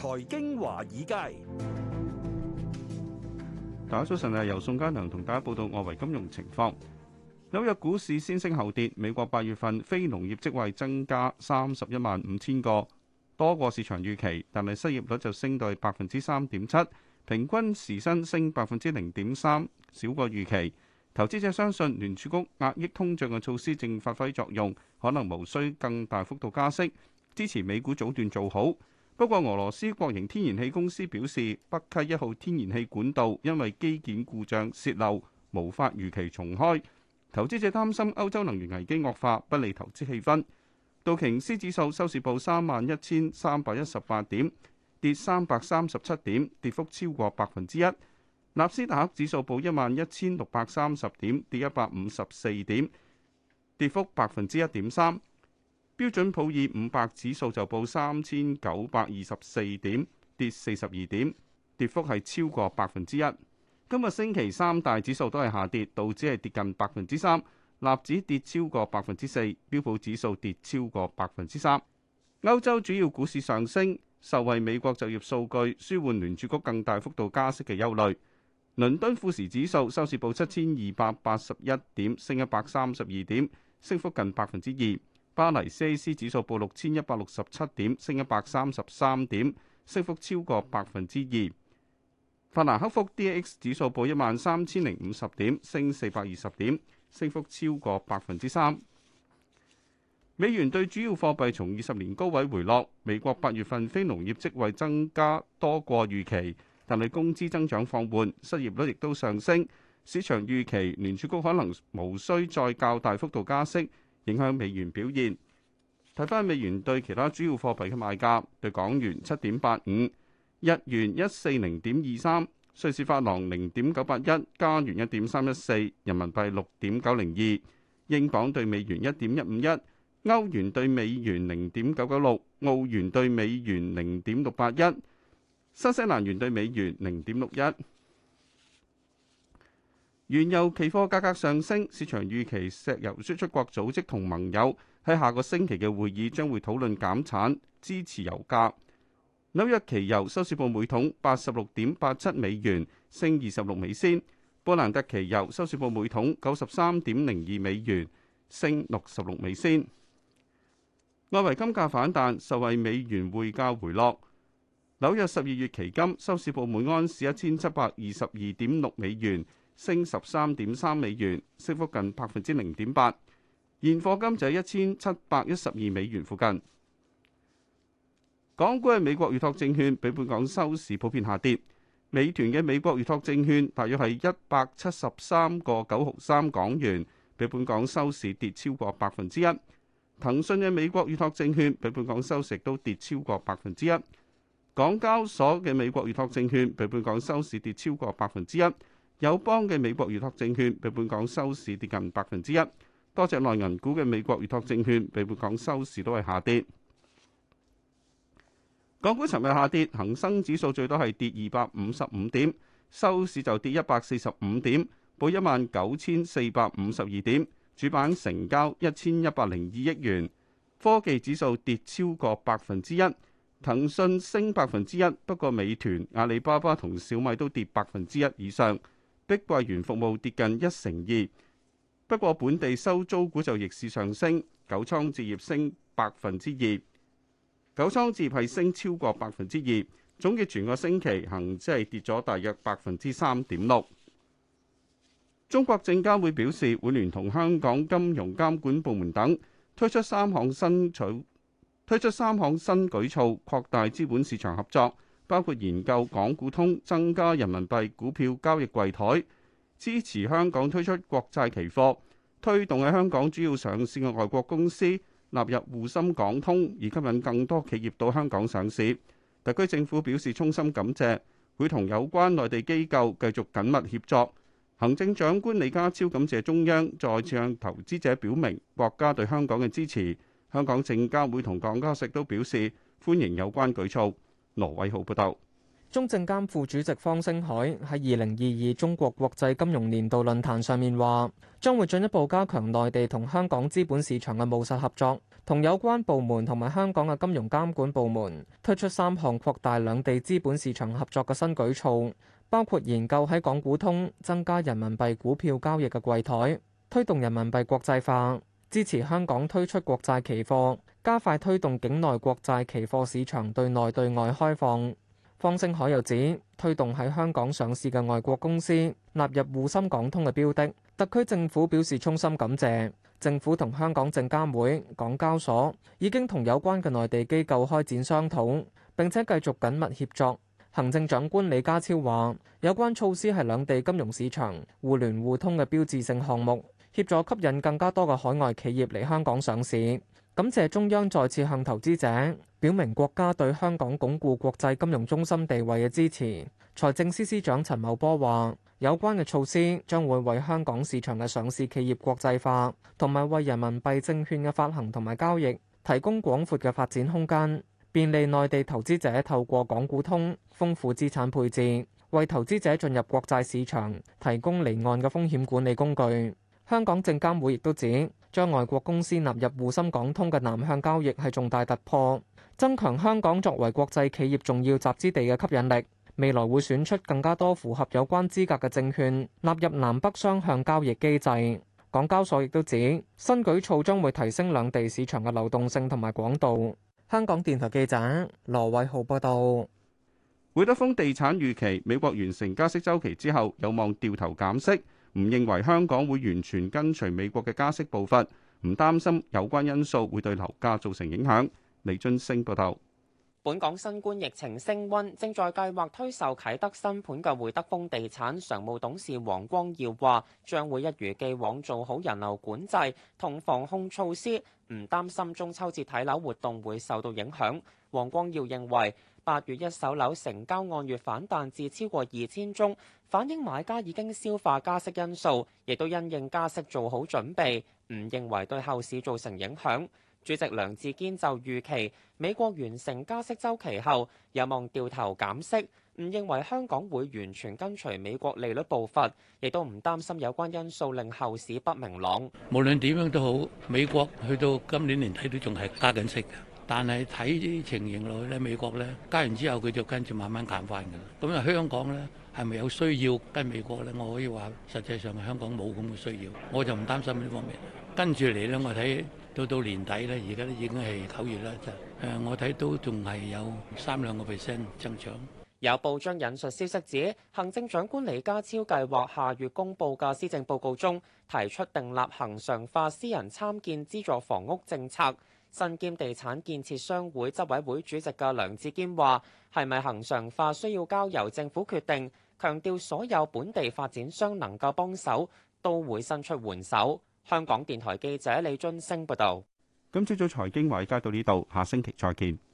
財經華爾街，大家早晨啊！由宋嘉良同大家報道外圍金融情況。紐約股市先升後跌，美國八月份非農業職位增加三十一萬五千個，多過市場預期，但係失業率就升到百分之三點七，平均時薪升百分之零點三，少過預期。投資者相信聯儲局壓抑通脹嘅措施正發揮作用，可能無需更大幅度加息，支持美股早段做好。不過，俄羅斯國營天然氣公司表示，北溪一號天然氣管道因為基建故障洩漏，無法如期重開。投資者擔心歐洲能源危機惡化，不利投資氣氛。道瓊斯指數收市報三萬一千三百一十八點，跌三百三十七點，跌幅超過百分之一。納斯達克指數報一萬一千六百三十點，跌一百五十四點，跌幅百分之一點三。標準普爾五百指數就報三千九百二十四點，跌四十二點，跌幅係超過百分之一。今日星期三，大指數都係下跌，道指係跌近百分之三，納指跌超過百分之四，標普指數跌超過百分之三。歐洲主要股市上升，受惠美國就業數據舒緩聯儲局更大幅度加息嘅憂慮。倫敦富時指數收市報七千二百八十一點，升一百三十二點，升幅近百分之二。巴黎 CAC 指數報六千一百六十七點，升一百三十三點，升幅超過百分之二。法蘭克福 DAX 指數報一萬三千零五十點，升四百二十點，升幅超過百分之三。美元對主要貨幣從二十年高位回落。美國八月份非農業職位增加多過預期，但係工資增長放緩，失業率亦都上升。市場預期聯儲局可能無需再較大幅度加息。影響美元表現。睇返美元對其他主要貨幣嘅賣價：對港元七點八五，日元一四零點二三，瑞士法郎零點九八一，加元一點三一四，人民幣六點九零二，英鎊對美元一點一五一，歐元對美元零點九九六，澳元對美元零點六八一，新西蘭元對美元零點六一。原油期貨價格上升，市場預期石油輸出國組織同盟友喺下個星期嘅會議將會討論減產，支持油價。紐約期油收市報每桶八十六點八七美元，升二十六美仙。波蘭特期油收市報每桶九十三點零二美元，升六十六美仙。外圍金價反彈，受惠美元匯價回落。紐約十二月期金收市報每安士一千七百二十二點六美元。升十三點三美元，升幅近百分之零點八。現貨金就係一千七百一十二美元附近。港股嘅美國預託證券，比本港收市普遍下跌。美團嘅美國預託證券，大約係一百七十三個九毫三港元，比本港收市跌超過百分之一。騰訊嘅美國預託證券，比本港收市都跌超過百分之一。港交所嘅美國預託證券，比本港收市跌超過百分之一。友邦嘅美國預託證券比本港收市跌近百分之一，多隻內銀股嘅美國預託證券比本港收市都係下跌。港股尋日下跌，恒生指數最多係跌二百五十五點，收市就跌一百四十五點，報一萬九千四百五十二點，主板成交一千一百零二億元。科技指數跌超過百分之一，騰訊升百分之一，不過美團、阿里巴巴同小米都跌百分之一以上。碧桂園服務跌近一成二，不過本地收租股就逆市上升，九倉置業升百分之二，九倉置業係升超過百分之二。總結全個星期，恒指係跌咗大約百分之三點六。中國證監會表示，會聯同香港金融監管部門等推出三項新舉推出三項新舉措，擴大資本市場合作。包括研究港股通、增加人民幣股票交易櫃台、支持香港推出國債期貨、推動喺香港主要上市嘅外國公司納入滬深港通，以吸引更多企業到香港上市。特區政府表示衷心感謝，會同有關內地機構繼續緊密協作。行政長官李家超感謝中央再次向投資者表明國家對香港嘅支持。香港證監會同港交所都表示歡迎有關舉措。羅偉豪報道，中證監副主席方星海喺二零二二中國國際金融年度論壇上面話，將會進一步加強內地同香港資本市場嘅務實合作，同有關部門同埋香港嘅金融監管部門推出三項擴大兩地資本市場合作嘅新舉措，包括研究喺港股通增加人民幣股票交易嘅櫃台，推動人民幣國際化，支持香港推出國債期貨。加快推動境內國債期貨市場對內對外開放。方星海又指，推動喺香港上市嘅外國公司納入滬深港通嘅標的。特區政府表示衷心感謝，政府同香港證監會，港交所已經同有關嘅內地機構開展商討，並且繼續緊密協作。行政長官李家超話有關措施係兩地金融市場互聯互通嘅標誌性項目，協助吸引更加多嘅海外企業嚟香港上市。感謝中央再次向投資者表明國家對香港鞏固國際金融中心地位嘅支持。財政司司長陳茂波話：有關嘅措施將會為香港市場嘅上市企業國際化，同埋為人民幣證券嘅發行同埋交易提供廣闊嘅發展空間，便利內地投資者透過港股通豐富資產配置，為投資者進入國際市場提供離岸嘅風險管理工具。香港證監會亦都指：將外國公司納入滬深港通嘅南向交易係重大突破，增強香港作為國際企業重要集資地嘅吸引力。未來會選出更加多符合有關資格嘅證券納入南北雙向交易機制。港交所亦都指新舉措將會提升兩地市場嘅流動性同埋廣度。香港電台記者羅偉浩報道。會德豐地產預期美國完成加息周期之後，有望掉頭減息。唔認為香港會完全跟隨美國嘅加息步伐，唔擔心有關因素會對樓價造成影響。李俊升報道。本港新冠疫情升溫，正在計劃推售啟德新盤嘅匯德豐地產常務董事黃光耀話：將會一如既往做好人流管制同防控措施，唔擔心中秋節睇樓活動會受到影響。黃光耀認為。八月一手樓成交按月反彈至超過二千宗，反映買家已經消化加息因素，亦都因應加息做好準備。唔認為對後市造成影響。主席梁志堅就預期美國完成加息週期後，有望掉頭減息。唔認為香港會完全跟隨美國利率步伐，亦都唔擔心有關因素令後市不明朗。無論點樣都好，美國去到今年年底都仲係加緊息嘅。但係睇啲情形落去咧，美國咧加完之後，佢就跟住慢慢減翻嘅。咁啊，香港咧係咪有需要跟美國咧？我可以話，實際上香港冇咁嘅需要，我就唔擔心呢方面。跟住嚟咧，我睇到到年底咧，而家都已經係九月啦，就誒，我睇到仲係有三兩個 percent 增長。有報章引述消息指，行政長官李家超計劃下月公布嘅施政報告中，提出訂立恆常化私人參建資助房屋政策。新建地產建設商會執委會主席嘅梁志堅話：係咪恆常化需要交由政府決定，強調所有本地發展商能夠幫手都會伸出援手。香港電台記者李津升報道。今朝早財經華爾街到呢度，下星期再見。